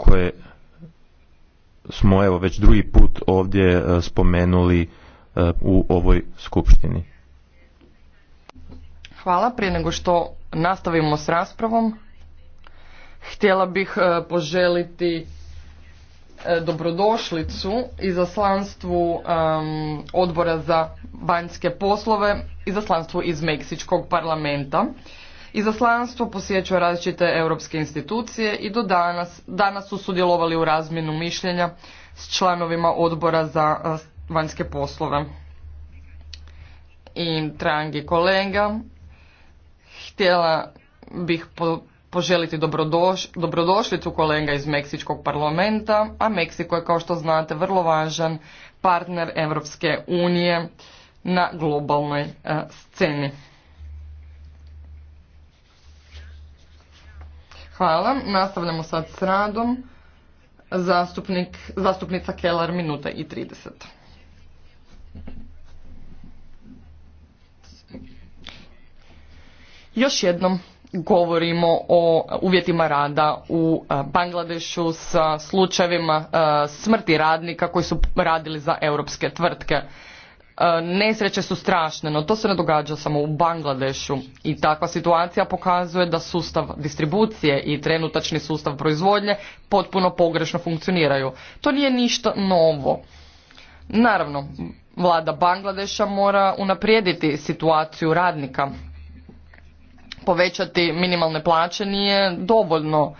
koje smo evo već drugi put ovdje e, spomenuli e, u ovoj skupštini. Hvala. Prije nego što nastavimo s raspravom, htjela bih e, poželiti dobrodošlicu izaslanstvu odbora za vanjske poslove, izaslanstvu iz Meksičkog parlamenta. Izaslanstvo posjećuje različite europske institucije i do danas, danas su sudjelovali u razmjenu mišljenja s članovima odbora za e, vanjske poslove. I trangi kolega, htjela bih po, poželiti dobrodošlicu kolega iz Meksičkog parlamenta, a Meksiko je kao što znate vrlo važan partner Europske unije na globalnoj e, sceni. Hvala. Nastavljamo sad s radom. zastupnica Kelar minuta i 30. Još jednom govorimo o uvjetima rada u e, Bangladešu sa slučajevima e, smrti radnika koji su radili za europske tvrtke. E, nesreće su strašne, no to se ne događa samo u Bangladešu i takva situacija pokazuje da sustav distribucije i trenutačni sustav proizvodnje potpuno pogrešno funkcioniraju. To nije ništa novo. Naravno, vlada Bangladeša mora unaprijediti situaciju radnika. Povećati minimalne plaće nije dovoljno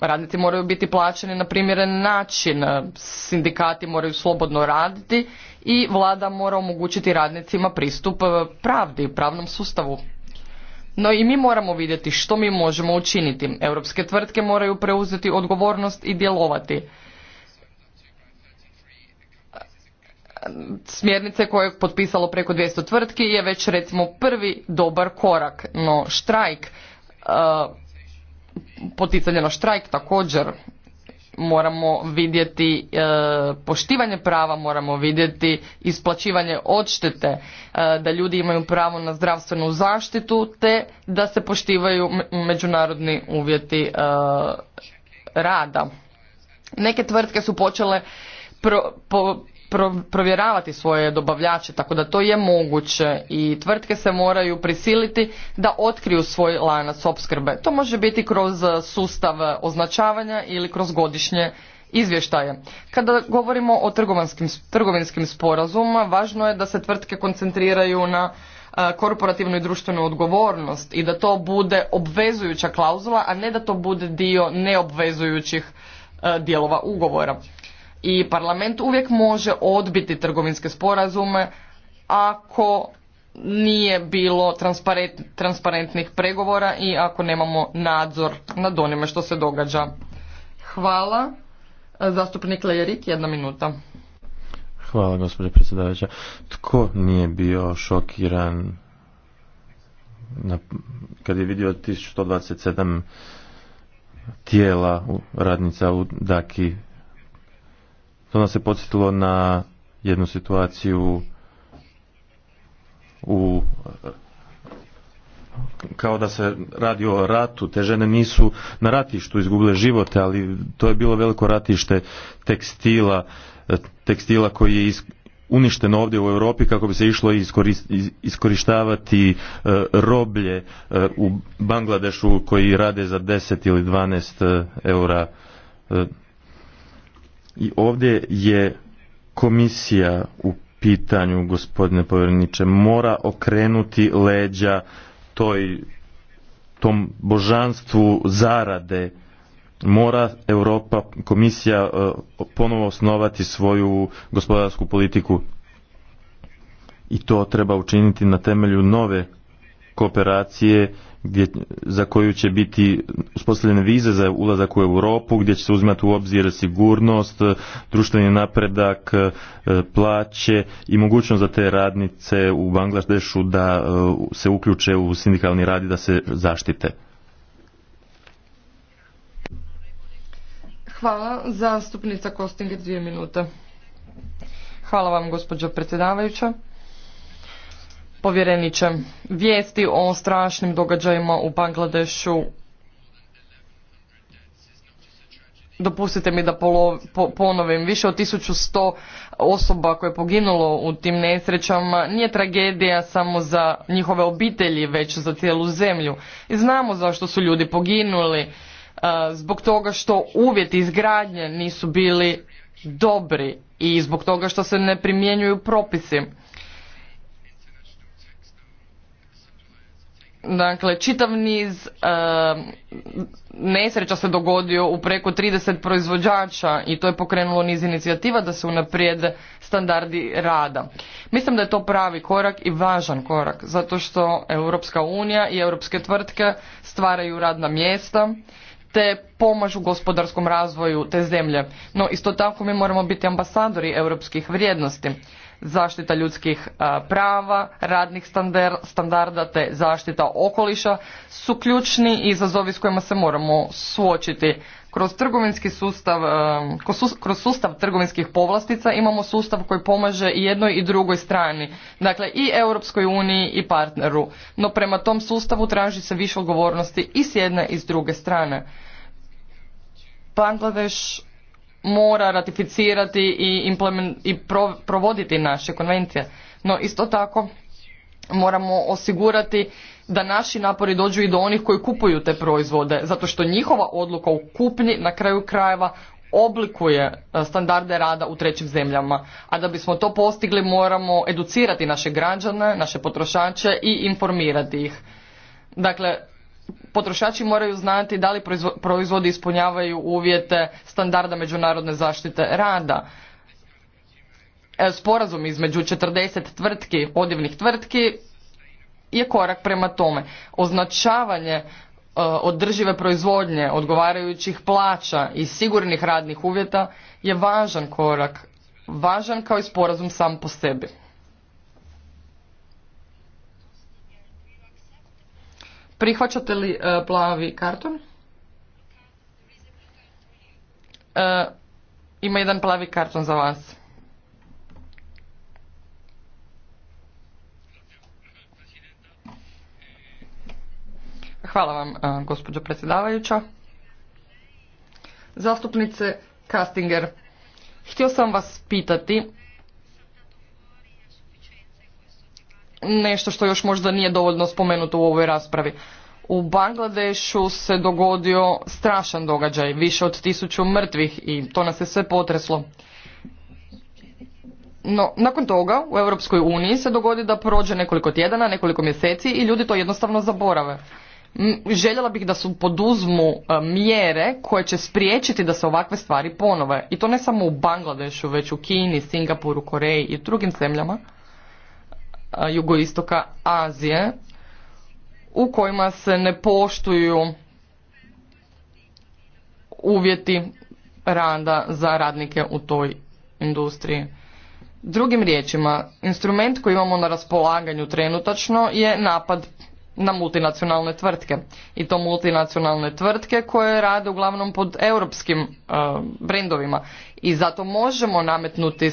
radnici moraju biti plaćeni na primjeren način, sindikati moraju slobodno raditi i vlada mora omogućiti radnicima pristup e, pravdi, pravnom sustavu. No i mi moramo vidjeti što mi možemo učiniti. Europske tvrtke moraju preuzeti odgovornost i djelovati. Smjernice koje je potpisalo preko 200 tvrtki je već recimo prvi dobar korak, no štrajk e, poticanje na štrajk također moramo vidjeti e, poštivanje prava moramo vidjeti isplaćivanje odštete e, da ljudi imaju pravo na zdravstvenu zaštitu te da se poštivaju međunarodni uvjeti e, rada neke tvrtke su počele po, provjeravati svoje dobavljače, tako da to je moguće i tvrtke se moraju prisiliti da otkriju svoj lanac opskrbe. To može biti kroz e, sustav označavanja ili kroz godišnje izvještaje. Kada govorimo o trgovinskim sporazuma važno je da se tvrtke koncentriraju na e, korporativnu i društvenu odgovornost i da to bude obvezujuća klauzula, a ne da to bude dio neobvezujućih e, dijelova ugovora i parlament uvijek može odbiti trgovinske sporazume ako nije bilo transparentnih pregovora i ako nemamo nadzor nad onime što se događa. Hvala. Zastupnik Lejerik, jedna minuta. Hvala, gospođa predsjedavajuća. Tko nije bio šokiran na, kad je vidio 1127 tijela radnica u Daki to se je podsjetilo na jednu situaciju u kao da se radi o ratu, te žene nisu na ratištu izgubile živote, ali to je bilo veliko ratište tekstila, tekstila koji je uništen ovdje u Europi kako bi se išlo iskorištavati e, roblje e, u Bangladešu koji rade za 10 ili 12 e, eura i ovdje je komisija u pitanju, gospodine povjerniče, mora okrenuti leđa toj, tom božanstvu zarade. Mora Europa, komisija e, ponovo osnovati svoju gospodarsku politiku. I to treba učiniti na temelju nove kooperacije gdje, za koju će biti uspostavljene vize za ulazak u Europu, gdje će se uzimati u obzir sigurnost, društveni napredak, e, plaće i mogućnost za te radnice u Bangladešu da e, se uključe u sindikalni rad i da se zaštite. Hvala. Zastupnica Kostinger, dvije minuta Hvala vam, gospođo predsjedavajuća. Povjereniče, vijesti o strašnim događajima u Bangladešu Dopustite mi da polo, po, ponovim, više od 1100 osoba koje je poginulo u tim nesrećama nije tragedija samo za njihove obitelji, već za cijelu zemlju. I znamo zašto su ljudi poginuli, zbog toga što uvjeti izgradnje nisu bili dobri i zbog toga što se ne primjenjuju propisi. Dakle, čitav niz nesreća se dogodio u preko 30 proizvođača i to je pokrenulo niz inicijativa da se unaprijede standardi rada. Mislim da je to pravi korak i važan korak, zato što Europska unija i europske tvrtke stvaraju radna mjesta te pomažu gospodarskom razvoju te zemlje. No, isto tako mi moramo biti ambasadori europskih vrijednosti zaštita ljudskih prava, radnih standarda te zaštita okoliša su ključni izazovi s kojima se moramo suočiti. Kroz trgovinski sustav, kroz sustav trgovinskih povlastica imamo sustav koji pomaže i jednoj i drugoj strani, dakle i Europskoj uniji i partneru. No prema tom sustavu traži se više odgovornosti i s jedne i s druge strane. Bangladeš mora ratificirati i, i provoditi naše konvencije. No isto tako moramo osigurati da naši napori dođu i do onih koji kupuju te proizvode, zato što njihova odluka u kupnji na kraju krajeva oblikuje e, standarde rada u trećim zemljama. A da bismo to postigli moramo educirati naše građane, naše potrošače i informirati ih. Dakle, Potrošači moraju znati da li proizvodi ispunjavaju uvjete standarda međunarodne zaštite rada. E, sporazum između 40 tvrtki, odjevnih tvrtki, je korak prema tome. Označavanje e, održive proizvodnje, odgovarajućih plaća i sigurnih radnih uvjeta je važan korak, važan kao i sporazum sam po sebi. Prihvaćate li e, plavi karton? E, ima jedan plavi karton za vas. Hvala vam, e, gospođo predsjedavajuća. Zastupnice Kastinger, htio sam vas pitati nešto što još možda nije dovoljno spomenuto u ovoj raspravi. U Bangladešu se dogodio strašan događaj, više od tisuću mrtvih i to nas je sve potreslo. No, nakon toga u Europskoj uniji se dogodi da prođe nekoliko tjedana, nekoliko mjeseci i ljudi to jednostavno zaborave. Željela bih da su poduzmu e, mjere koje će spriječiti da se ovakve stvari ponove. I to ne samo u Bangladešu, već u Kini, Singapuru, Koreji i drugim zemljama jugoistoka Azije u kojima se ne poštuju uvjeti rada za radnike u toj industriji. Drugim riječima, instrument koji imamo na raspolaganju trenutačno je napad na multinacionalne tvrtke. I to multinacionalne tvrtke koje rade uglavnom pod europskim brendovima i zato možemo nametnuti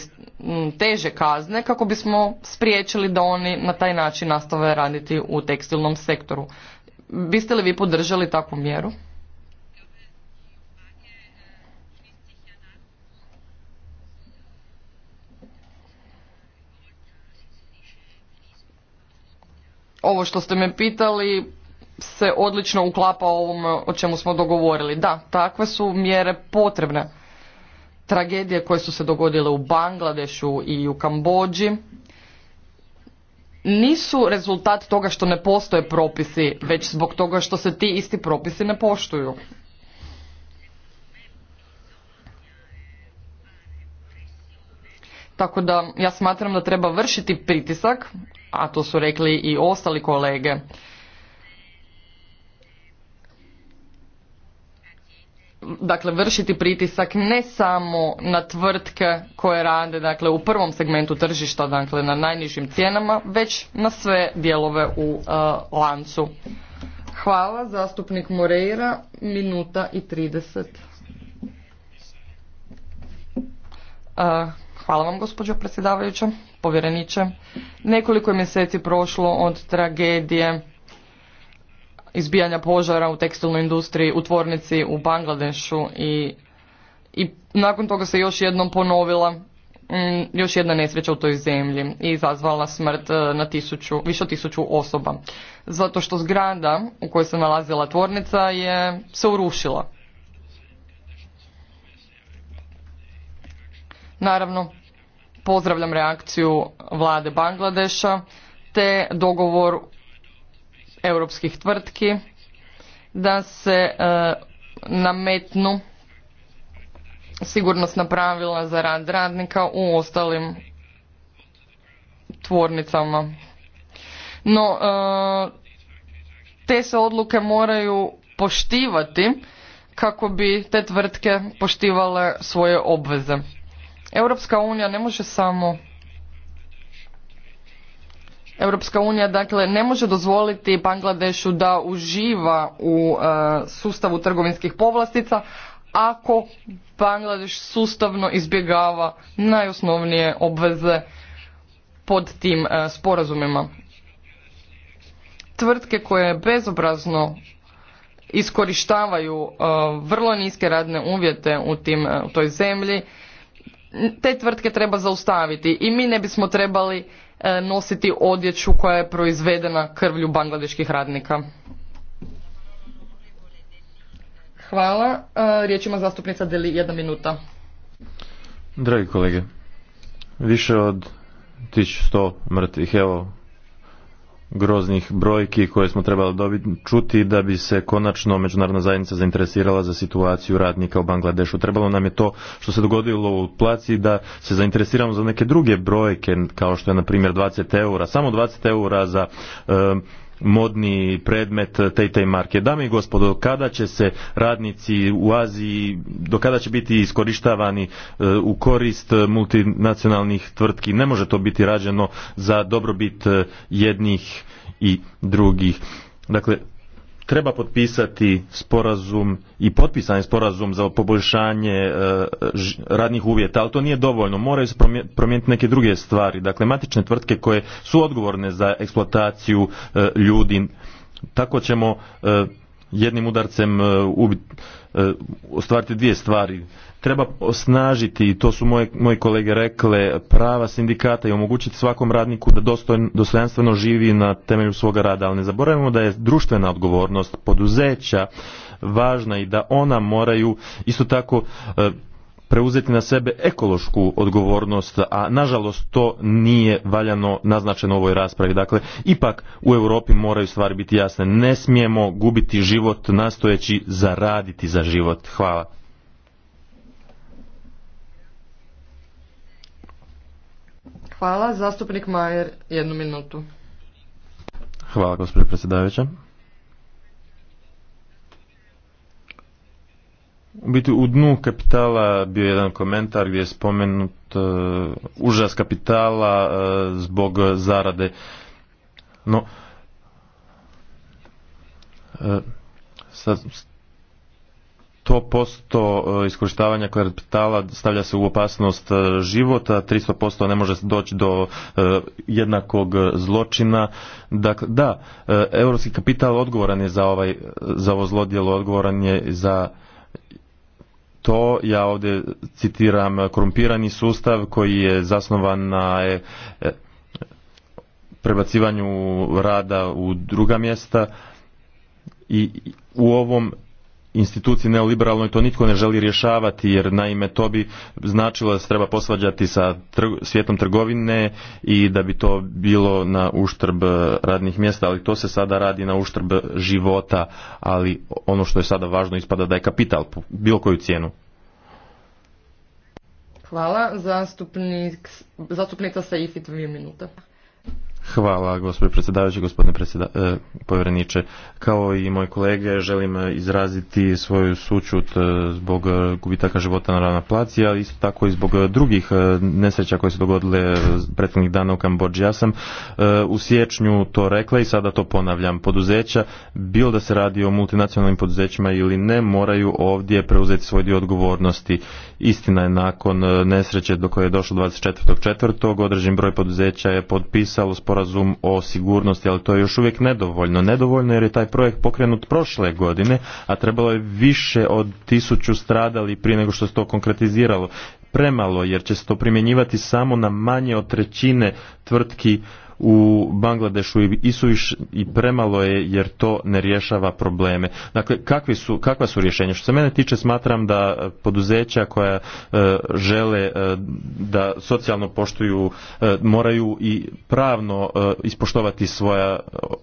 teže kazne kako bismo spriječili da oni na taj način nastave raditi u tekstilnom sektoru. Biste li vi podržali takvu mjeru? Ovo što ste me pitali se odlično uklapa ovom o čemu smo dogovorili. Da, takve su mjere potrebne tragedije koje su se dogodile u Bangladešu i u Kambođi nisu rezultat toga što ne postoje propisi, već zbog toga što se ti isti propisi ne poštuju. Tako da ja smatram da treba vršiti pritisak, a to su rekli i ostali kolege dakle vršiti pritisak ne samo na tvrtke koje rade dakle u prvom segmentu tržišta dakle na najnižim cijenama već na sve dijelove u eh, lancu. Hvala zastupnik Moreira minuta i 30. Uh, eh, hvala vam gospođo predsjedavajuća, povjereniče. Nekoliko je mjeseci prošlo od tragedije izbijanja požara u tekstilnoj industriji, u tvornici u Bangladešu i, i nakon toga se još jednom ponovila mm, još jedna nesreća u toj zemlji i izazvala smrt e, na tisuću, više od tisuću osoba. Zato što zgrada u kojoj se nalazila tvornica je se urušila. Naravno, pozdravljam reakciju vlade Bangladeša te dogovor europskih tvrtki da se e, nametnu sigurnosna pravila za rad radnika u ostalim tvornicama. No, e, te se odluke moraju poštivati kako bi te tvrtke poštivale svoje obveze. Europska unija ne može samo Europska unija dakle ne može dozvoliti Bangladešu da uživa u e, sustavu trgovinskih povlastica ako Bangladeš sustavno izbjegava najosnovnije obveze pod tim e, sporazumima. Tvrtke koje bezobrazno iskorištavaju e, vrlo niske radne uvjete u, tim, e, u toj zemlji, te tvrtke treba zaustaviti i mi ne bismo trebali E, nositi odjeću koja je proizvedena krvlju bangladeških radnika. Hvala. E, riječ ima zastupnica Deli, jedna minuta. Dragi kolege, više od 1100 mrtvih, evo groznih brojki koje smo trebali dobiti, čuti da bi se konačno međunarodna zajednica zainteresirala za situaciju radnika u Bangladešu. Trebalo nam je to što se dogodilo u placi da se zainteresiramo za neke druge brojke kao što je na primjer 20 eura, samo 20 eura za modni predmet te i te marke. Dame i gospodo, kada će se radnici u Aziji, do kada će biti iskorištavani eh, u korist multinacionalnih tvrtki? Ne može to biti rađeno za dobrobit eh, jednih i drugih. Dakle, treba potpisati sporazum i potpisan je sporazum za poboljšanje e, radnih uvjeta, ali to nije dovoljno. Moraju se promijeniti neke druge stvari. Dakle, matične tvrtke koje su odgovorne za eksploataciju e, ljudi, tako ćemo e, jednim udarcem e, ubit, e, ostvariti dvije stvari. Treba osnažiti, i to su moje, moji kolege rekle, prava sindikata i omogućiti svakom radniku da dostojanstveno živi na temelju svoga rada, ali ne zaboravimo da je društvena odgovornost poduzeća važna i da ona moraju isto tako e, preuzeti na sebe ekološku odgovornost, a nažalost to nije valjano naznačeno u ovoj raspravi. Dakle, ipak u Europi moraju stvari biti jasne. Ne smijemo gubiti život nastojeći zaraditi za život. Hvala. Hvala. Zastupnik Majer, jednu minutu. Hvala, gospodin predsjedavajuća. U biti u dnu kapitala bio jedan komentar gdje je spomenut uh, užas kapitala e, zbog zarade. No, uh, sad, posto iskorištavanja kapitala stavlja se u opasnost života, 300% ne može doći do jednakog zločina. Dakle, da, europski kapital odgovoran je za, ovaj, za ovo zlodjelo, odgovoran je za to, ja ovdje citiram korumpirani sustav koji je zasnovan na e, e, prebacivanju rada u druga mjesta i u ovom instituciji neoliberalnoj to nitko ne želi rješavati jer naime to bi značilo da se treba posvađati sa svijetom trgovine i da bi to bilo na uštrb radnih mjesta, ali to se sada radi na uštrb života, ali ono što je sada važno ispada da je kapital po bilo koju cijenu. Hvala, zastupnik, zastupnica Saifi, dvije minuta. Hvala gospodine predsjedavajući, gospodine povjereniče. Kao i moje kolege želim e, izraziti svoju sućut e, zbog e, gubitaka života na rana placi, ali isto tako i zbog drugih nesreća koje se dogodile prethodnih dana u Kambođi. Ja sam u siječnju to rekla i sada to ponavljam. Poduzeća, bilo da se radi o multinacionalnim poduzećima ili ne, moraju ovdje preuzeti svoj dio odgovornosti. Istina je nakon nesreće do koje je došlo 24.4. određen broj poduzeća je potpisalo sporazum o sigurnosti, ali to je još uvijek nedovoljno. Nedovoljno jer je taj projekt pokrenut prošle godine, a trebalo je više od tisuću stradali prije nego što se to konkretiziralo. Premalo jer će se to primjenjivati samo na manje od trećine tvrtki u Bangladešu i i premalo je jer to ne rješava probleme. Dakle, kakvi su, kakva su rješenja? Što se mene tiče smatram da e, poduzeća koja e, žele e, da socijalno poštuju moraju i pravno ispoštovati svoja,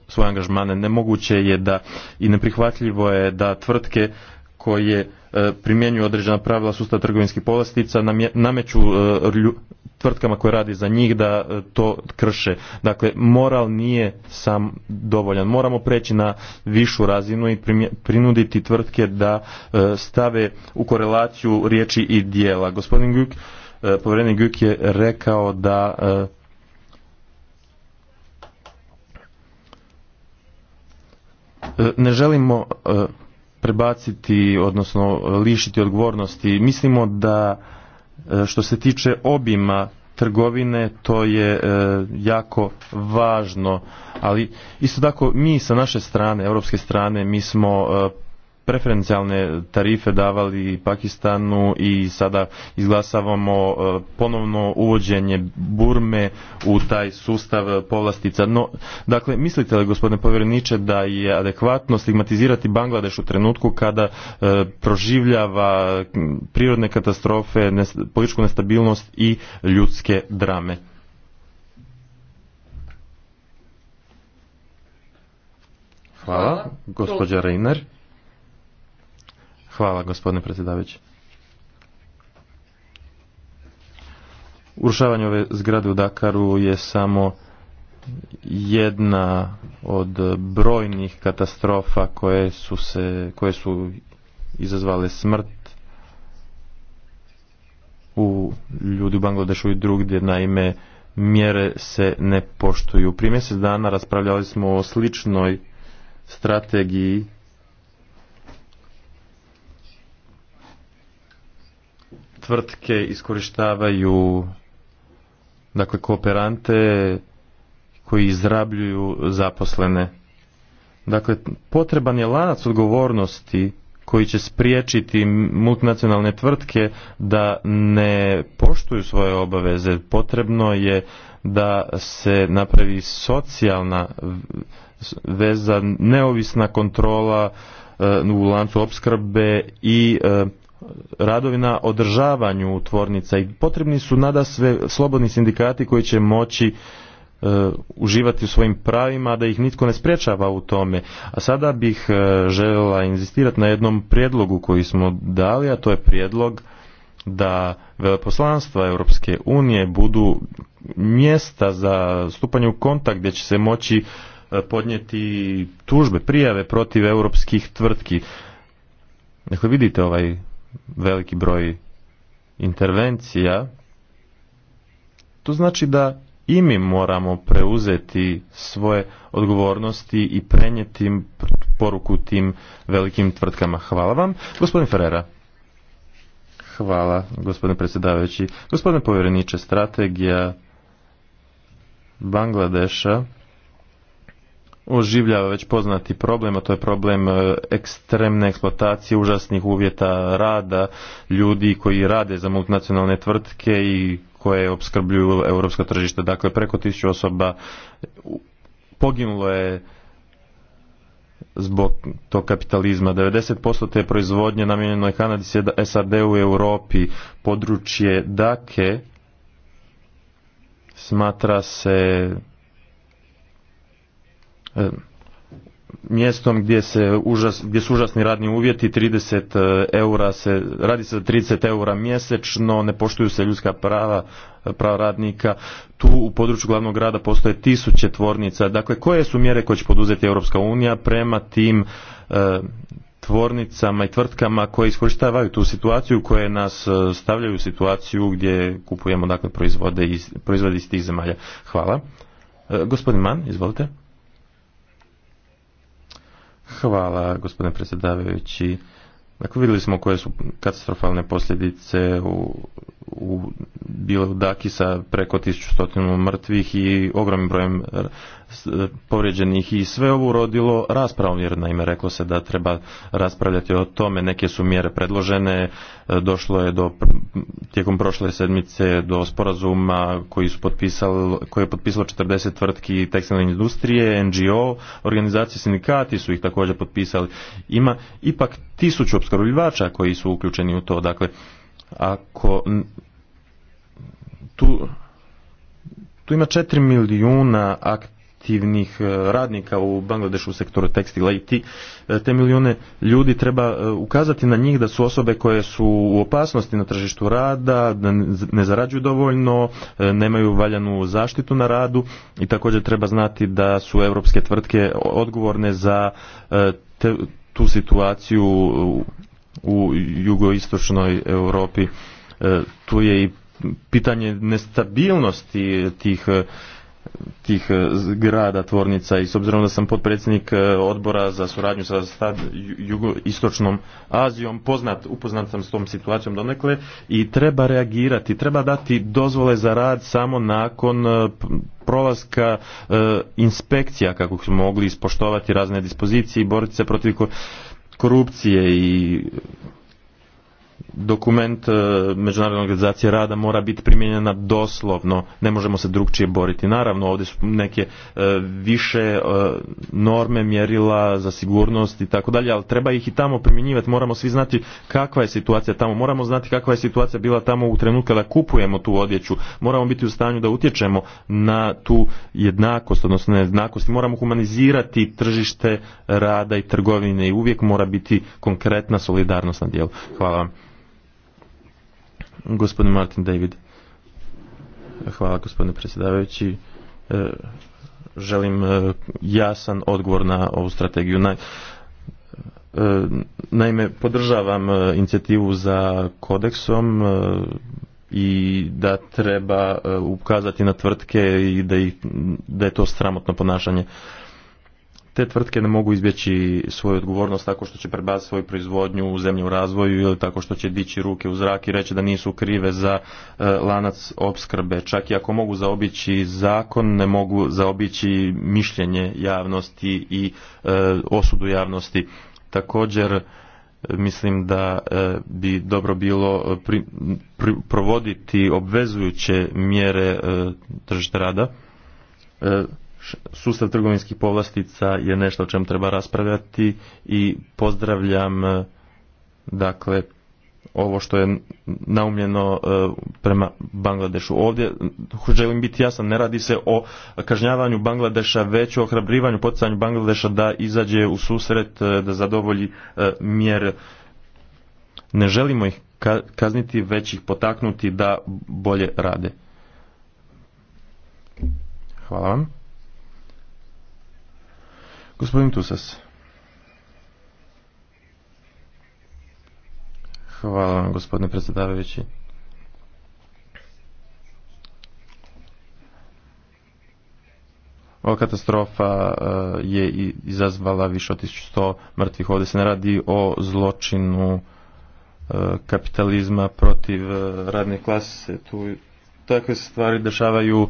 svoje angažmane. Nemoguće je da i neprihvatljivo je da tvrtke koje E, primjenjuju određena pravila sustava trgovinskih povlastica, nameću e, tvrtkama koje radi za njih da e, to krše. Dakle, moral nije sam dovoljan. Moramo preći na višu razinu i prinuditi tvrtke da stave u korelaciju riječi i dijela. Gospodin Guk, povjerenik Guk je rekao da ne želimo prebaciti, odnosno lišiti odgovornosti. Mislimo da e, što se tiče obima trgovine, to je e, jako važno, ali isto tako mi sa naše strane, europske strane, mi smo e, preferencijalne tarife davali Pakistanu i sada izglasavamo e, ponovno uvođenje Burme u taj sustav povlastica. No, dakle, mislite li gospodine povjereniče da je adekvatno stigmatizirati Bangladeš u trenutku kada e, proživljava prirodne katastrofe, političku nestabilnost i ljudske drame? Hvala, Reiner. Hvala, gospodine predsjedavajući. Urušavanje ove zgrade u Dakaru je samo jedna od brojnih katastrofa koje su, se, koje su izazvale smrt u ljudi u Bangladešu i drugdje. Naime, mjere se ne poštuju. Prije mjesec dana raspravljali smo o sličnoj strategiji tvrtke iskorištavaju dakle kooperante koji izrabljuju zaposlene. Dakle, potreban je lanac odgovornosti koji će spriječiti multinacionalne tvrtke da ne poštuju svoje obaveze. Potrebno je da se napravi socijalna veza, neovisna kontrola e, u lancu opskrbe i e, radovi na održavanju tvornica i potrebni su nada sve slobodni sindikati koji će moći e, uživati u svojim pravima da ih nitko ne sprečava u tome. A sada bih e, željela inzistirati na jednom prijedlogu koji smo dali, a to je prijedlog da veleposlanstva Europske unije budu mjesta za stupanje u kontakt gdje će se moći e, podnijeti tužbe, prijave protiv europskih tvrtki. Dakle, vidite ovaj veliki broj intervencija, to znači da i mi moramo preuzeti svoje odgovornosti i prenijeti poruku tim velikim tvrtkama. Hvala vam. Gospodin Ferrera. Hvala, gospodine predsjedavajući. Gospodine povjereniče, strategija Bangladeša oživljava već poznati problem, a to je problem e, ekstremne eksploatacije, užasnih uvjeta rada, ljudi koji rade za multinacionalne tvrtke i koje opskrbljuju europsko tržište. Dakle, preko tisuću osoba poginulo je zbog tog kapitalizma. 90% te proizvodnje namijenjeno je Kanadi, SAD-u, Europi, područje Dake smatra se E, mjestom gdje, se užas, gdje su užasni radni uvjeti, 30 e, eura se, radi se za 30 eura mjesečno, ne poštuju se ljudska prava, e, prava radnika. Tu u području glavnog grada postoje tisuće tvornica. Dakle, koje su mjere koje će poduzeti Europska unija prema tim tvornicama i tvrtkama koje iskorištavaju tu situaciju, koje nas stavljaju u situaciju gdje kupujemo dakle, proizvode iz, proizvode iz tih zemalja? Hvala. E, gospodin Man, izvolite. Hvala, gospodine predsjedavajući. Dakle, vidjeli smo koje su katastrofalne posljedice u, u bile Dakisa preko 1100 mrtvih i ogromnim brojem E, povrijeđenih i sve ovo urodilo raspravom jer naime reklo se da treba raspravljati o tome neke su mjere predložene e, došlo je do tijekom prošle sedmice do sporazuma koji su potpisali koji je potpisalo 40 tvrtki tekstilne industrije NGO organizacije sindikati su ih također potpisali ima ipak tisuću opskrbljivača koji su uključeni u to dakle ako tu tu ima 4 milijuna aktivnih e, radnika u Bangladešu u sektoru tekstila i ti, e, te milijune ljudi treba e, ukazati na njih da su osobe koje su u opasnosti na tržištu rada, da ne zarađuju dovoljno, nemaju valjanu zaštitu na radu i također treba znati da su europske tvrtke odgovorne za tu situaciju u jugoistočnoj Europi. Tu je i pitanje nestabilnosti tih tih e, grada, tvornica i s obzirom da sam potpredsjednik e, odbora za suradnju sa stad, jugoistočnom Azijom, poznat, upoznat sam s tom situacijom donekle i treba reagirati, treba dati dozvole za rad samo nakon e, prolaska inspekcija kako smo mogli ispoštovati razne dispozicije i boriti se protiv korupcije i dokument e, Međunarodne organizacije rada mora biti primijenjena doslovno, ne možemo se drugčije boriti. Naravno, ovdje su neke e, više e, norme, mjerila za sigurnost i tako dalje, ali treba ih i tamo primjenjivati, moramo svi znati kakva je situacija tamo, moramo znati kakva je situacija bila tamo u trenutku kada kupujemo tu odjeću, moramo biti u stanju da utječemo na tu jednakost, odnosno jednakost, moramo humanizirati tržište rada i trgovine i uvijek mora biti konkretna solidarnost na dijelu. Hvala vam. Gospodin Martin David. Hvala gospodine predsjedavajući. E, želim e, jasan odgovor na ovu strategiju. E, naime, podržavam inicijativu za kodeksom i da treba ukazati na tvrtke i da, ih, da je to sramotno ponašanje te tvrtke ne mogu izbjeći svoju odgovornost tako što će prebaciti svoju proizvodnju u zemlju u razvoju ili tako što će dići ruke u zrak i reći da nisu krive za e, lanac opskrbe. Čak i ako mogu zaobići zakon, ne mogu zaobići mišljenje javnosti i e, osudu javnosti. Također, e, mislim da bi dobro bilo provoditi obvezujuće mjere tržišta rada sustav trgovinskih povlastica je nešto o čem treba raspravljati i pozdravljam e, dakle ovo što je naumljeno e, prema Bangladešu. Ovdje želim biti jasan, ne radi se o kažnjavanju Bangladeša, već o ohrabrivanju, poticanju Bangladeša da izađe u susret, e, da zadovolji mjer. Ne želimo ih kazniti, već ih potaknuti da bolje rade. Hvala vam. Gospodin Tusas. Hvala vam, gospodine predsjedavajući. Ova katastrofa eh, je izazvala više od 1100 mrtvih. Ovdje se ne radi o zločinu eh, kapitalizma protiv eh, radne klase. Tu takve stvari dešavaju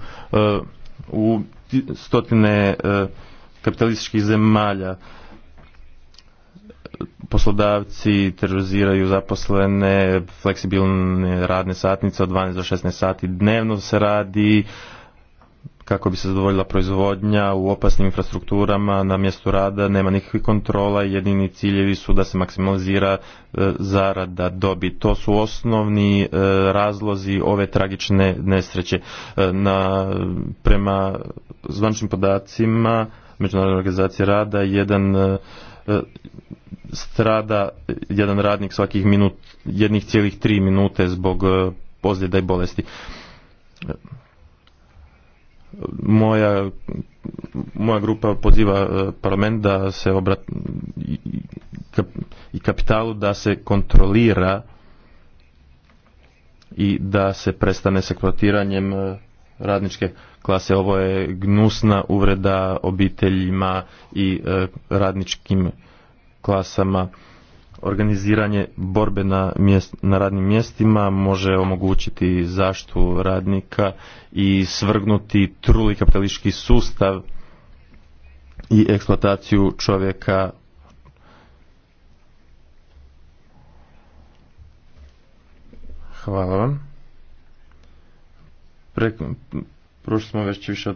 u stotine kapitalističkih zemalja poslodavci teroriziraju zaposlene, fleksibilne radne satnice od 12 do 16 sati dnevno se radi kako bi se zadovoljila proizvodnja u opasnim infrastrukturama na mjestu rada, nema nikakvih kontrola jedini ciljevi su da se maksimalizira e, zarada dobi. To su osnovni e, razlozi ove tragične nesreće. E, na, prema zvančnim podacima Međunarodne organizacije rada, jedan e, e, strada jedan radnik svakih minut, jednih cijelih tri minute zbog pozljeda e, i bolesti. Moja, moja grupa poziva parlament da se obrat i kapitalu da se kontrolira i da se prestane s eksploatiranjem radničke klase. Ovo je gnusna uvreda obiteljima i e, radničkim klasama. Organiziranje borbe na, na radnim mjestima može omogućiti zaštu radnika i svrgnuti truli kapitalistički sustav i eksploataciju čovjeka Hvala vam. Pre, Prošli smo već više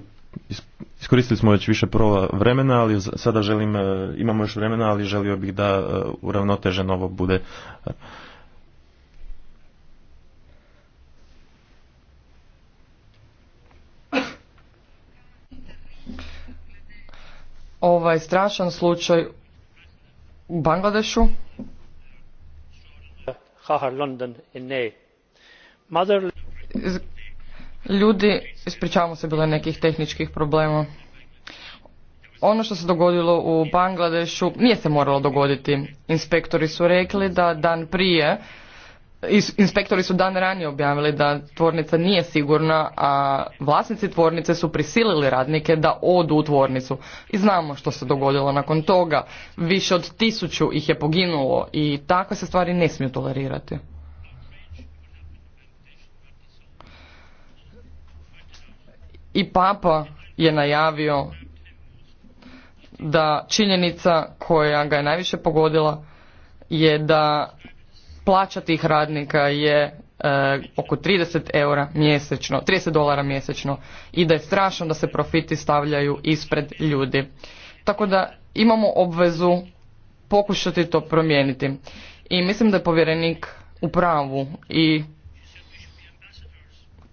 iskoristili smo već više prova vremena, ali sada želim, e, imamo još vremena, ali želio bih da e, uravnoteženo ovo bude. Ovaj strašan slučaj u Bangladešu. London in Mother ljudi, ispričavamo se, bilo nekih tehničkih problema. Ono što se dogodilo u Bangladešu nije se moralo dogoditi. Inspektori su rekli da dan prije, inspektori su dan ranije objavili da tvornica nije sigurna, a vlasnici tvornice su prisilili radnike da odu u tvornicu. I znamo što se dogodilo nakon toga. Više od tisuću ih je poginulo i takve se stvari ne smiju tolerirati. i papa je najavio da činjenica koja ga je najviše pogodila je da plaća tih radnika je e, oko 30 eura mjesečno, 30 dolara mjesečno i da je strašno da se profiti stavljaju ispred ljudi. Tako da imamo obvezu pokušati to promijeniti. I mislim da je povjerenik u pravu i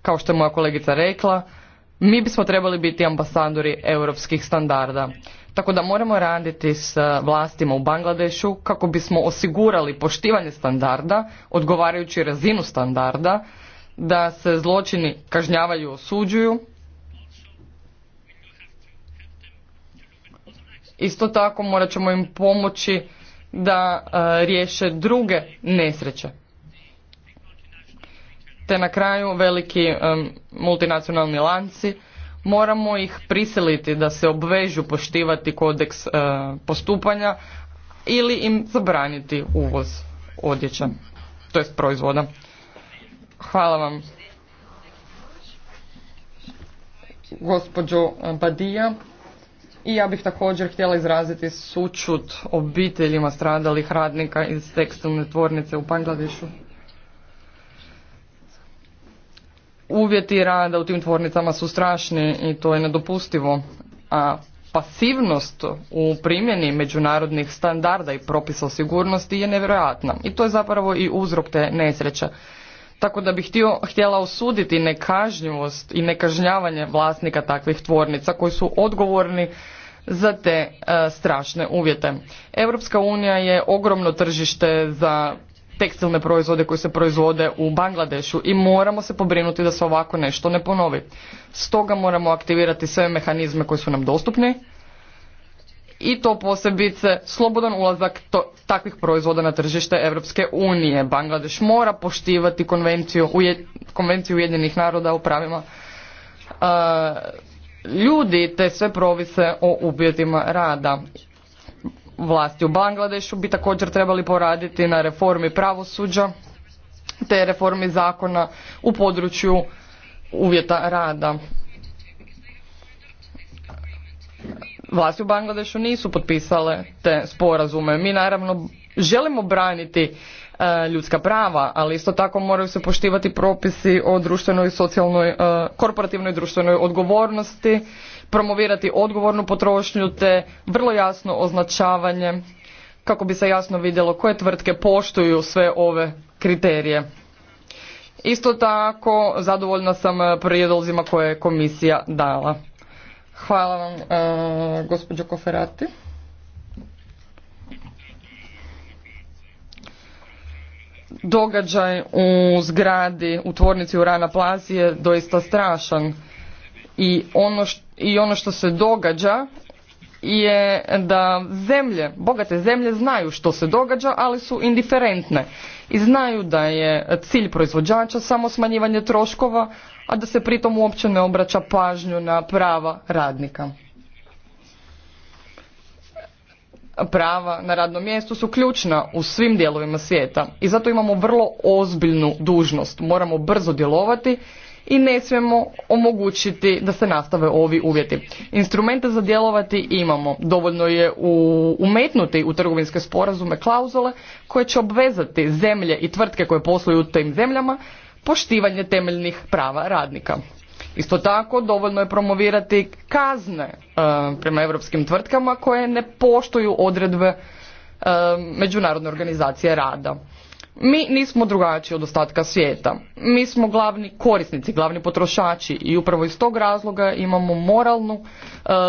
kao što je moja kolegica rekla, mi bismo trebali biti ambasadori europskih standarda. Tako da moramo raditi s e, vlastima u Bangladešu kako bismo osigurali poštivanje standarda, odgovarajući razinu standarda, da se zločini kažnjavaju i osuđuju. Isto tako morat ćemo im pomoći da e, riješe druge nesreće na kraju veliki multinacionalni lanci moramo ih prisiliti da se obvežu poštivati kodeks e, postupanja ili im zabraniti uvoz odjeća to jest proizvoda hvala vam gospođo Badija i ja bih također htjela izraziti sučut obiteljima stradalih radnika iz tekstilne tvornice u Pangladišu. uvjeti rada u tim tvornicama su strašni i to je nedopustivo. A pasivnost u primjeni međunarodnih standarda i propisa o sigurnosti je nevjerojatna i to je zapravo i uzrok te nesreće. Tako da bih htio, htjela osuditi nekažnjivost i nekažnjavanje vlasnika takvih tvornica koji su odgovorni za te e, strašne uvjete. Europska unija je ogromno tržište za tekstilne proizvode koji se proizvode u Bangladešu i moramo se pobrinuti da se ovako nešto ne ponovi. Stoga moramo aktivirati sve mehanizme koji su nam dostupni i to posebice slobodan ulazak to, takvih proizvoda na tržište Europske unije. Bangladeš mora poštivati konvenciju, uje, konvenciju Ujedinjenih naroda o pravima ljudi te sve provise o uvjetima rada vlasti u Bangladešu bi također trebali poraditi na reformi pravosuđa te reformi zakona u području uvjeta rada. Vlasti u Bangladešu nisu potpisale te sporazume. Mi naravno želimo braniti E, ljudska prava, ali isto tako moraju se poštivati propisi o društvenoj i socijalnoj, e, korporativnoj društvenoj odgovornosti, promovirati odgovornu potrošnju te vrlo jasno označavanje kako bi se jasno vidjelo koje tvrtke poštuju sve ove kriterije. Isto tako zadovoljna sam prijedlozima koje je komisija dala. Hvala vam, e, gospođo Koferati. događaj u zgradi u tvornici Urana Plazi je doista strašan i ono, i ono što se događa je da zemlje, bogate zemlje znaju što se događa, ali su indiferentne i znaju da je cilj proizvođača samo smanjivanje troškova, a da se pritom uopće ne obraća pažnju na prava radnika prava na radnom mjestu su ključna u svim dijelovima svijeta i zato imamo vrlo ozbiljnu dužnost. Moramo brzo djelovati i ne smijemo omogućiti da se nastave ovi uvjeti. Instrumente za djelovati imamo. Dovoljno je umetnuti u trgovinske sporazume klauzule koje će obvezati zemlje i tvrtke koje posluju u tim zemljama poštivanje temeljnih prava radnika. Isto tako, dovoljno je promovirati kazne e, prema europskim tvrtkama koje ne poštuju odredbe e, Međunarodne organizacije rada. Mi nismo drugačiji od ostatka svijeta. Mi smo glavni korisnici, glavni potrošači i upravo iz tog razloga imamo moralnu e,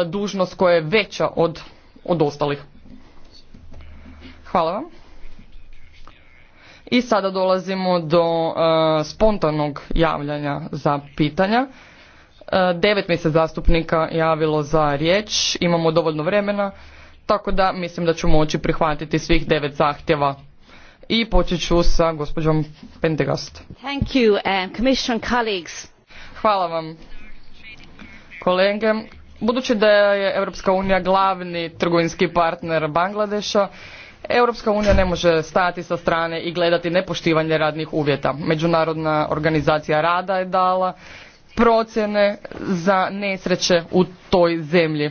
dužnost koja je veća od, od ostalih. Hvala vam. I sada dolazimo do e, spontanog javljanja za pitanja. E, devet mi se zastupnika javilo za riječ, imamo dovoljno vremena, tako da mislim da ću moći prihvatiti svih devet zahtjeva. I počet ću sa gospođom Pentegast. Thank you, um, Hvala vam, kolege. Budući da je Europska unija glavni trgovinski partner Bangladeša, Europska unija ne može stajati sa strane i gledati nepoštivanje radnih uvjeta. Međunarodna organizacija rada je dala procjene za nesreće u toj zemlji.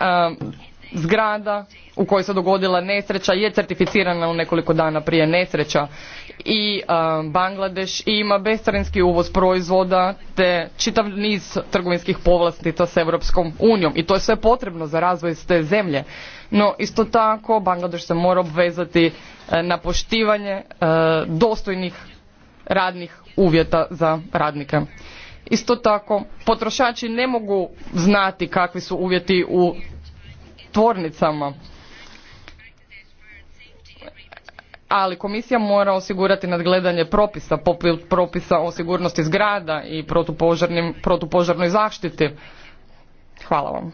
Ehm, zgrada u kojoj se dogodila nesreća je certificirana u nekoliko dana prije nesreća i um, Bangladeš ima bescarinski uvoz proizvoda te čitav niz trgovinskih povlastica s Europskom unijom i to je sve potrebno za razvoj te zemlje. No isto tako Bangladeš se mora obvezati e, na poštivanje e, dostojnih radnih uvjeta za radnike. Isto tako potrošači ne mogu znati kakvi su uvjeti u tvornicama. Ali komisija mora osigurati nadgledanje propisa, poput propisa o sigurnosti zgrada i protupožarnoj zaštiti. Hvala vam.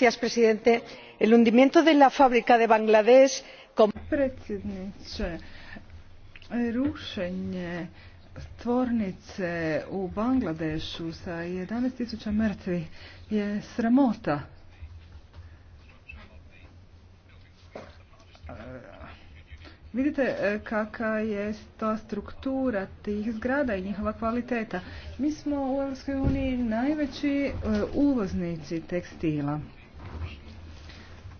Gospodine predsjedniče, el hundimiento de la fábrica de Bangladesh... Predsjedniče, rušenje tvornice u Bangladešu sa 11.000 mrtvi je sramota. Vidite e, kakva je ta struktura tih zgrada i njihova kvaliteta. Mi smo u EU najveći e, uvoznici tekstila.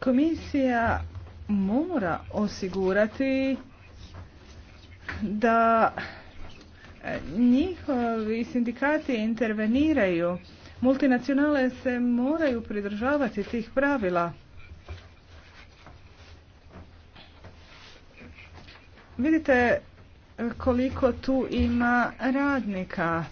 Komisija mora osigurati da Njihovi sindikati interveniraju. Multinacionale se moraju pridržavati tih pravila. Vidite koliko tu ima radnika.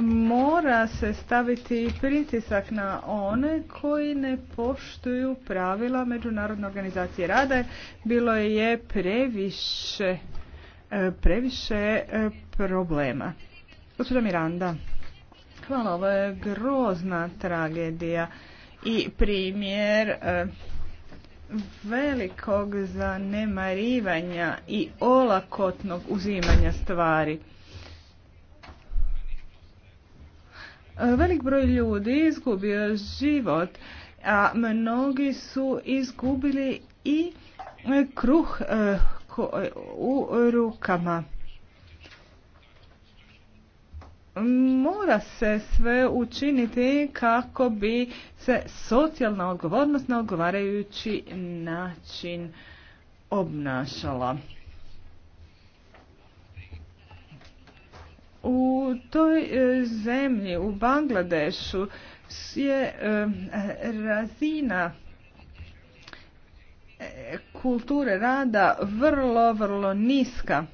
Mora se staviti pritisak na one koji ne poštuju pravila Međunarodne organizacije rada. Bilo je previše E, previše e, problema. Gospoda Miranda, hvala, ovo je grozna tragedija i primjer e, velikog zanemarivanja i olakotnog uzimanja stvari. Velik broj ljudi izgubio život, a mnogi su izgubili i kruh u rukama. Mora se sve učiniti kako bi se socijalna odgovornost na odgovarajući način obnašala. U toj e, zemlji, u Bangladešu, je e, razina kulture rada vrlo, vrlo niska.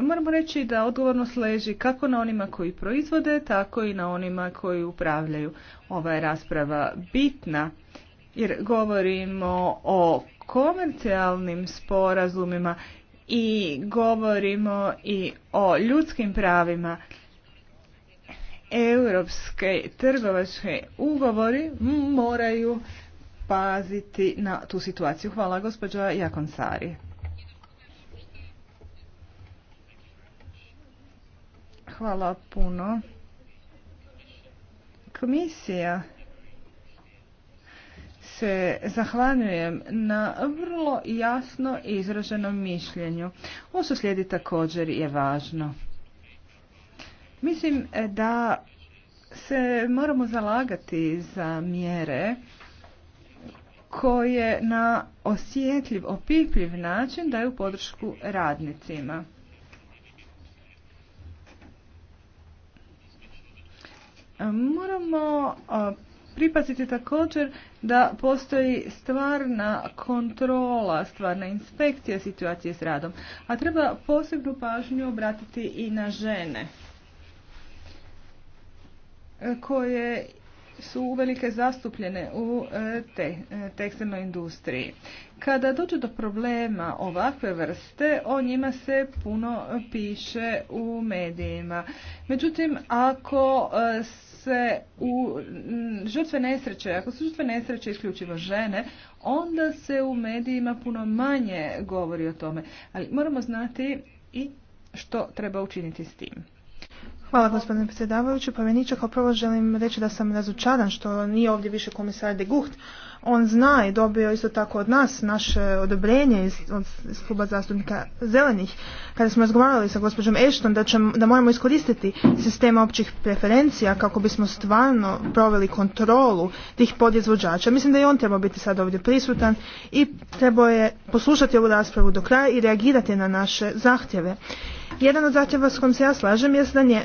Moramo reći da odgovornost leži kako na onima koji proizvode, tako i na onima koji upravljaju. Ova je rasprava bitna jer govorimo o komercijalnim sporazumima i govorimo i o ljudskim pravima. Europske trgovačke ugovori moraju paziti na tu situaciju. Hvala gospođa Jakonsari. Hvala puno. Komisija se zahvaljujem na vrlo jasno izraženom mišljenju. Ovo što slijedi također je važno. Mislim da se moramo zalagati za mjere koje na osjetljiv, opipljiv način daju podršku radnicima. Moramo pripaziti također da postoji stvarna kontrola, stvarna inspekcija situacije s radom, a treba posebnu pažnju obratiti i na žene e, koje su uvelike zastupljene u e, te, e, tekstilnoj industriji. Kada dođe do problema ovakve vrste, o njima se puno piše u medijima. Međutim, ako e, se u žrtve nesreće, ako su žrtve nesreće isključivo žene, onda se u medijima puno manje govori o tome. Ali moramo znati i što treba učiniti s tim. Hvala gospodine predsjedavajući. Povjereniče, kao prvo želim reći da sam razočaran što nije ovdje više komisar de Gucht. On zna i dobio isto tako od nas naše odobrenje iz, kluba zastupnika zelenih kada smo razgovarali sa gospođom Ešton da, da moramo iskoristiti sistem općih preferencija kako bismo stvarno proveli kontrolu tih podizvođača. Mislim da i on treba biti sad ovdje prisutan i treba je poslušati ovu raspravu do kraja i reagirati na naše zahtjeve. Jedan od zahtjeva s kojim se ja slažem je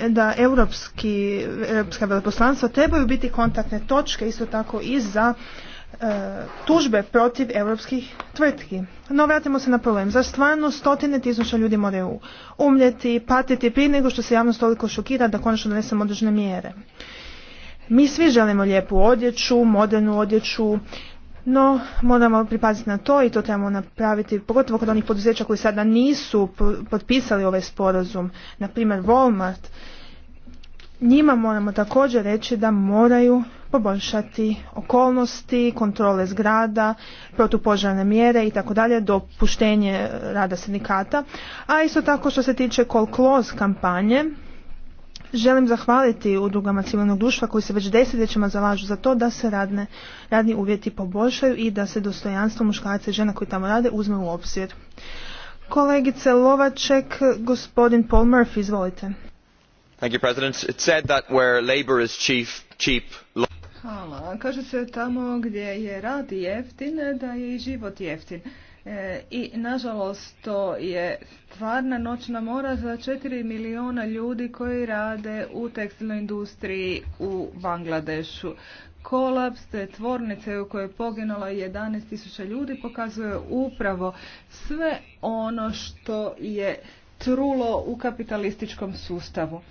da, europski, europska veleposlanstva trebaju biti kontaktne točke isto tako i za e, tužbe protiv europskih tvrtki. No vratimo se na problem. Zar stvarno stotine tisuća ljudi moraju umljeti, patiti prije nego što se javnost toliko šokira da konačno donesemo određene mjere. Mi svi želimo lijepu odjeću, modernu odjeću, no, moramo pripaziti na to i to trebamo napraviti, pogotovo kod onih poduzeća koji sada nisu potpisali ovaj sporazum, na primjer Walmart. Njima moramo također reći da moraju poboljšati okolnosti, kontrole zgrada, protupožarne mjere i tako dalje, dopuštenje rada sindikata. A isto tako što se tiče call close kampanje, Želim zahvaliti udrugama civilnog društva koji se već desetljećima zalažu za to da se radne, radni uvjeti poboljšaju i da se dostojanstvo muškaraca i žena koji tamo rade uzme u obzir. Kolegice Lovaček, gospodin Paul Murphy, izvolite. Thank you, President. said that where labor is chief, cheap... Hvala. Kaže se tamo gdje je rad jeftin, da je i život jeftin. E, i nažalost to je stvarna noćna mora za 4 milijuna ljudi koji rade u tekstilnoj industriji u Bangladešu. Kolaps te tvornice u kojoj je poginulo 11.000 ljudi pokazuje upravo sve ono što je trulo u kapitalističkom sustavu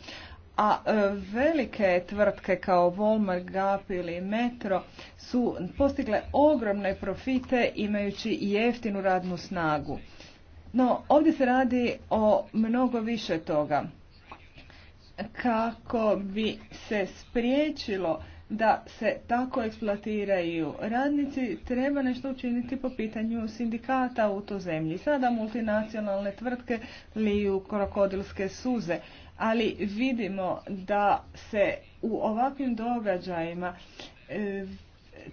a e, velike tvrtke kao Walmart, Gap ili Metro su postigle ogromne profite imajući jeftinu radnu snagu. No, ovdje se radi o mnogo više toga. Kako bi se spriječilo da se tako eksploatiraju radnici, treba nešto učiniti po pitanju sindikata u to zemlji. Sada multinacionalne tvrtke liju krokodilske suze, ali vidimo da se u ovakvim događajima e,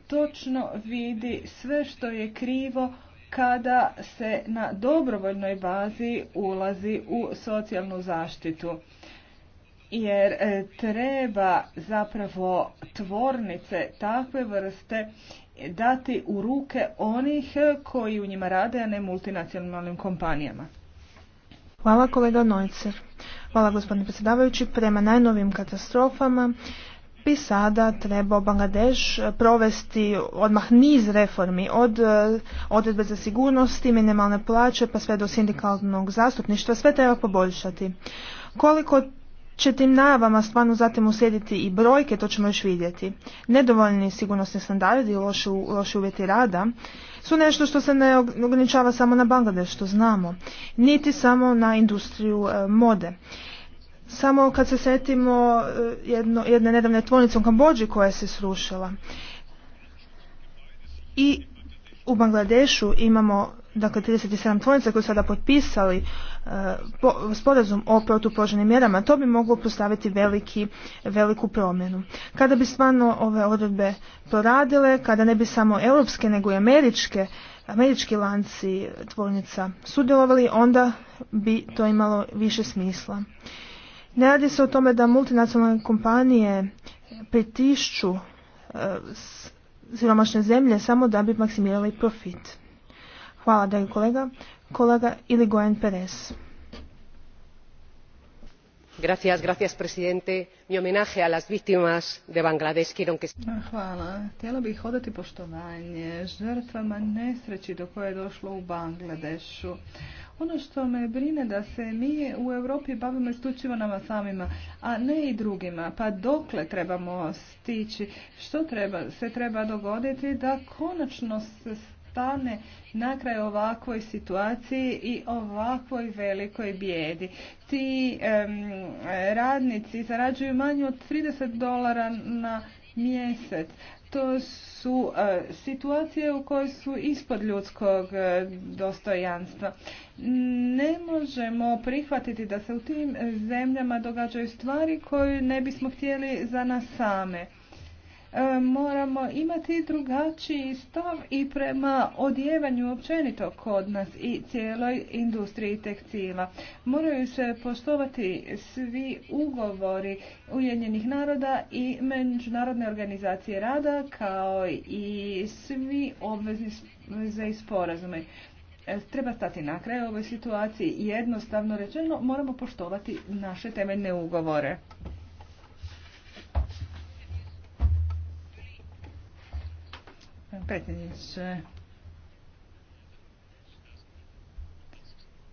točno vidi sve što je krivo kada se na dobrovoljnoj bazi ulazi u socijalnu zaštitu. Jer e, treba zapravo tvornice takve vrste dati u ruke onih koji u njima rade, a ne multinacionalnim kompanijama. Hvala kolega Hvala gospodine predsjedavajući. Prema najnovim katastrofama bi sada trebao Bangladeš provesti odmah niz reformi od e, odredbe za sigurnosti, minimalne plaće pa sve do sindikalnog zastupništva. Sve treba poboljšati. Koliko će tim najavama stvarno zatim uslijediti i brojke, to ćemo još vidjeti. Nedovoljni sigurnosni standardi i loši, uvjeti rada su nešto što se ne ograničava samo na Bangladeš, što znamo, niti samo na industriju e, mode. Samo kad se setimo e, jedno, jedne nedavne tvornice u Kambođi koja se srušila. I u Bangladešu imamo dakle 37 tvornica koje su sada potpisali sporazum o protupoženim mjerama, to bi moglo postaviti veliki, veliku promjenu. Kada bi stvarno ove odredbe proradile, kada ne bi samo europske nego i američke američki lanci tvornica sudjelovali, onda bi to imalo više smisla. Ne radi se o tome da multinacionalne kompanije pritišću e, siromašne zemlje samo da bi maksimirali profit. Hvala, dragi kolega kolega Iligoyen Peres. Gracias, gracias, presidente. Mi homenaje a las víctimas de Bangladesh. Quiero que... Hvala. Htjela bih odati poštovanje žrtvama nesreći do koje je došlo u Bangladešu. Ono što me brine da se mi u Europi bavimo isključivo nama samima, a ne i drugima. Pa dokle trebamo stići? Što treba, se treba dogoditi da konačno se stane na kraj ovakvoj situaciji i ovakvoj velikoj bijedi. Ti radnici zarađuju manje od 30 dolara na mjesec. To su e, situacije u kojoj su ispod ljudskog e, dostojanstva. Ne možemo prihvatiti da se u tim zemljama događaju stvari koje ne bismo htjeli za nas same. E, moramo imati drugačiji stav i prema odjevanju općenito kod nas i cijeloj industriji tekstila. Moraju se poštovati svi ugovori Ujedinjenih naroda i Međunarodne organizacije rada kao i svi obvezni za sporazume. E, treba stati na kraju ovoj situaciji. Jednostavno rečeno moramo poštovati naše temeljne ugovore. predsjedniče.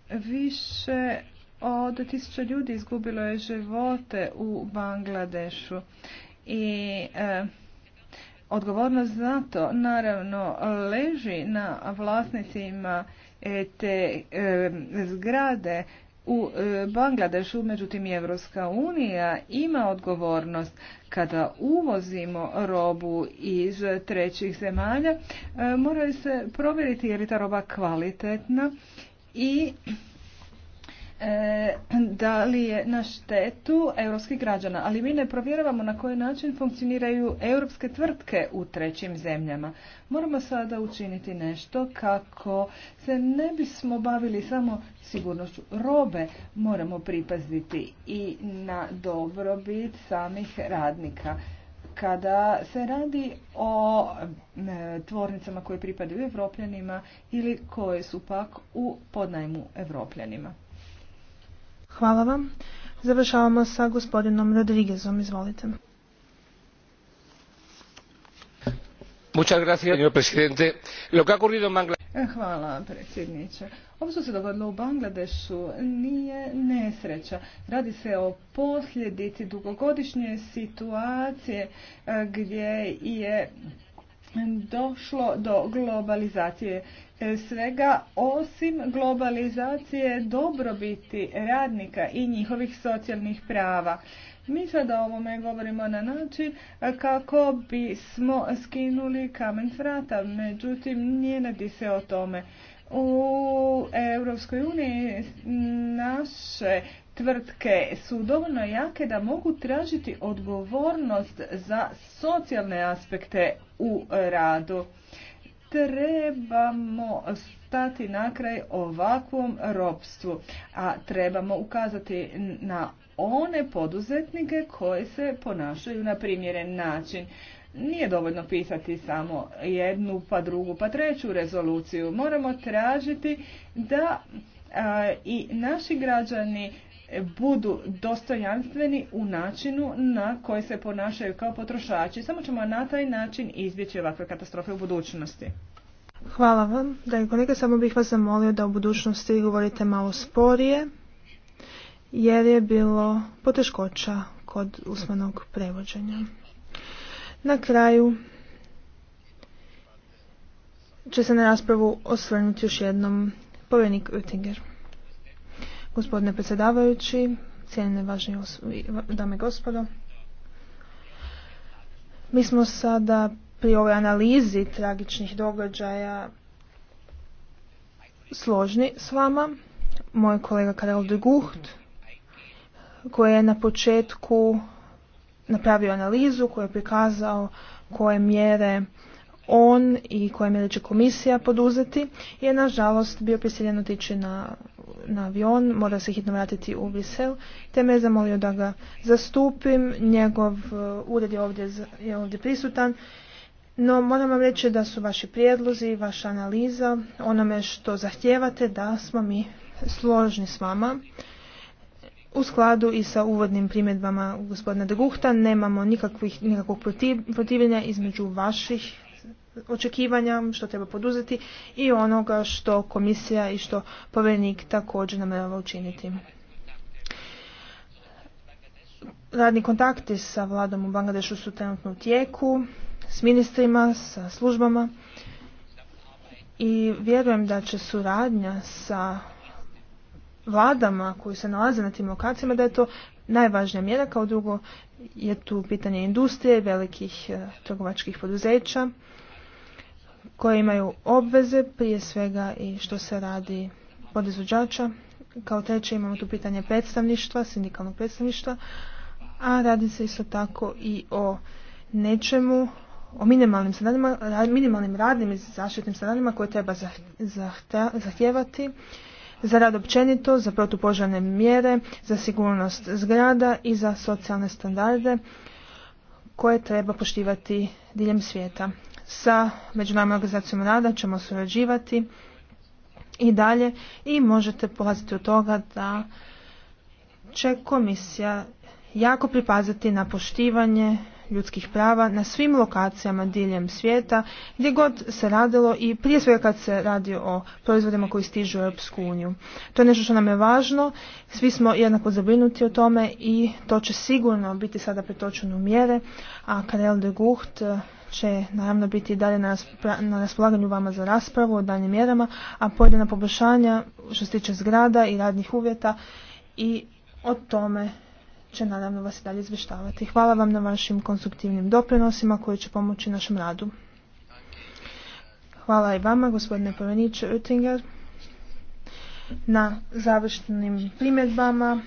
Više od tisuća ljudi izgubilo je živote u Bangladešu i e, odgovornost za to naravno leži na vlasnicima e, te e, zgrade u e, Bangladešu, međutim i Evropska unija ima odgovornost kada uvozimo robu iz trećih zemalja, e, moraju se provjeriti je ta roba kvalitetna i E, da li je na štetu europskih građana, ali mi ne provjeravamo na koji način funkcioniraju europske tvrtke u trećim zemljama. Moramo sada učiniti nešto kako se ne bismo bavili samo sigurnošću robe, moramo pripaziti i na dobrobit samih radnika. Kada se radi o tvornicama koje pripadaju Evropljanima ili koje su pak u podnajmu Evropljanima. Hvala vam. Završavamo sa gospodinom Rodriguezom. Izvolite. Hvala predsjedniče. Ovo što se dogodilo u Bangladešu nije nesreća. Radi se o posljedici dugogodišnje situacije e, gdje je došlo do globalizacije E, svega osim globalizacije dobrobiti radnika i njihovih socijalnih prava. Mi sada o ovome govorimo na način e, kako bismo skinuli kamen frata, vrata, međutim nije nadi se o tome. U Europskoj uniji naše tvrtke su dovoljno jake da mogu tražiti odgovornost za socijalne aspekte u radu trebamo stati na kraj ovakvom ropstvu, a trebamo ukazati na one poduzetnike koji se ponašaju na primjeren način. Nije dovoljno pisati samo jednu, pa drugu, pa treću rezoluciju. Moramo tražiti da i naši građani budu dostojanstveni u načinu na koji se ponašaju kao potrošači. Samo ćemo na taj način izbjeći ovakve katastrofe u budućnosti. Hvala vam. je kolega, samo bih vas zamolio da u budućnosti govorite malo sporije, jer je bilo poteškoća kod usmanog prevođenja. Na kraju će se na raspravu osvrnuti još jednom povjenik Oettinger. Gospodine predsjedavajući, cijenjene važne dame i gospodo, mi smo sada pri ovoj analizi tragičnih događaja složni s vama. Moj kolega Karel de Gucht, koji je na početku napravio analizu, koji je prikazao koje mjere on i koje mjere će komisija poduzeti je nažalost bio prisiljen otići na, na avion, mora se hitno vratiti u Brisel, te me je zamolio da ga zastupim, njegov uh, ured je ovdje, je ovdje prisutan, no moram vam reći da su vaši prijedlozi, vaša analiza, onome što zahtijevate da smo mi složni s vama. U skladu i sa uvodnim primjedbama gospodina Deguhta nemamo nikakvih, nikakvog protivljenja između vaših očekivanja, što treba poduzeti i onoga što komisija i što povjerenik također namjerava učiniti. Radni kontakti sa vladom u Bangladešu su trenutno u tijeku, s ministrima, sa službama i vjerujem da će suradnja sa vladama koji se nalaze na tim lokacijama da je to najvažnija mjera. Kao drugo je tu pitanje industrije, velikih eh, trgovačkih poduzeća koje imaju obveze prije svega i što se radi podizvođača. Kao treće imamo tu pitanje predstavništva, sindikalnog predstavništva, a radi se isto tako i o nečemu, o minimalnim, minimalnim radnim i zaštitnim standardima koje treba zahtijevati za rad općenito, za protupožarne mjere, za sigurnost zgrada i za socijalne standarde koje treba poštivati diljem svijeta sa Međunarodnom organizacijom rada ćemo surađivati i dalje i možete polaziti od toga da će komisija jako pripaziti na poštivanje ljudskih prava na svim lokacijama diljem svijeta gdje god se radilo i prije svega kad se radi o proizvodima koji stižu u Europsku uniju. To je nešto što nam je važno, svi smo jednako zabrinuti o tome i to će sigurno biti sada pretočeno u mjere, a Karel de Gucht će naravno biti dalje na, raspolaganju vama za raspravu o daljnjim mjerama, a pojedina poboljšanja što se tiče zgrada i radnih uvjeta i o tome će naravno vas i dalje izvještavati. Hvala vam na vašim konstruktivnim doprinosima koji će pomoći našem radu. Hvala i vama, gospodine Poveniće Oettinger, na završnim primjedbama.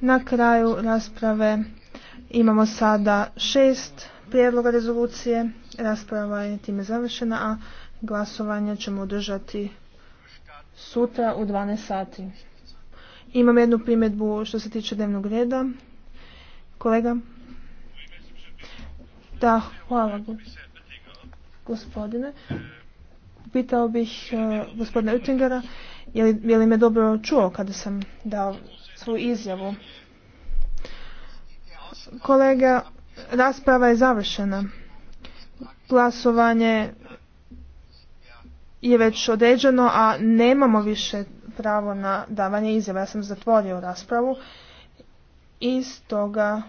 Na kraju rasprave imamo sada šest prijedloga rezolucije. Rasprava je time završena, a glasovanje ćemo održati sutra u 12 sati. Imam jednu primjedbu što se tiče dnevnog reda. Kolega? Da, hvala gospodine. Pitao bih e, gospodina Utingera je li, je li me dobro čuo kada sam dao svoju izjavu. Kolega Rasprava je završena. Glasovanje je već određeno, a nemamo više pravo na davanje izjava. Ja sam zatvorio raspravu i stoga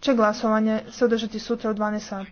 će glasovanje se održati sutra u 12 sati.